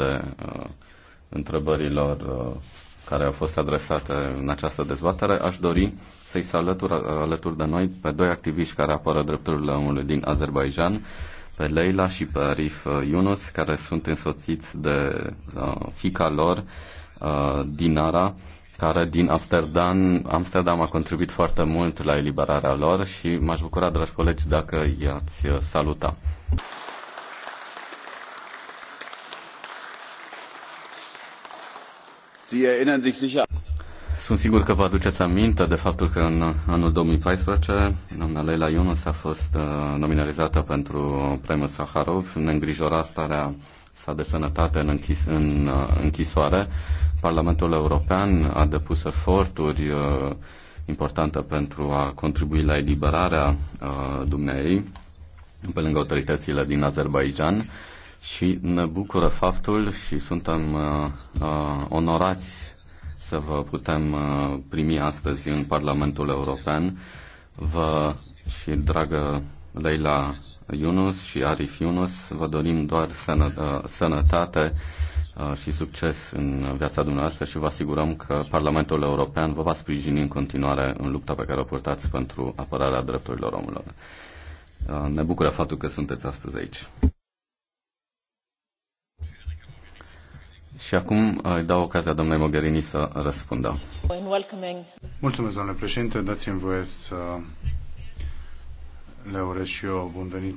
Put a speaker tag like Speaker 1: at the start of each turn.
Speaker 1: răspunde uh, întrebărilor uh, care au fost adresate în această dezbatere, aș dori să-i se alătur, uh, alături de noi pe doi activiști care apără drepturile omului din Azerbaijan, pe Leila și pe Arif uh, Yunus, care sunt însoțiți de uh, fica lor, uh, Dinara, care din Amsterdam, Amsterdam a contribuit foarte mult la eliberarea lor și m-aș bucura, dragi colegi, dacă i-ați uh, saluta. Sunt sigur că vă aduceți aminte de faptul că în anul 2014 doamna Leila Yunus a fost uh, nominalizată pentru premiul Saharov. Ne îngrijora starea sa de sănătate în, închis, în uh, închisoare. Parlamentul European a depus eforturi uh, importante pentru a contribui la eliberarea dumneai pe lângă autoritățile din Azerbaijan și ne bucură faptul și suntem uh, uh, onorați să vă putem uh, primi astăzi în Parlamentul European. Vă și dragă Leila Yunus și Arif Yunus, vă dorim doar sănă, uh, sănătate uh, și succes în viața dumneavoastră și vă asigurăm că Parlamentul European vă va sprijini în continuare în lupta pe care o purtați pentru apărarea drepturilor omului. Uh, ne bucură faptul că sunteți astăzi aici. Și acum uh, îi dau ocazia domnului Mogherini să răspundă. Mulțumesc, domnule președinte. Dați-mi voie să le urez și eu bun venit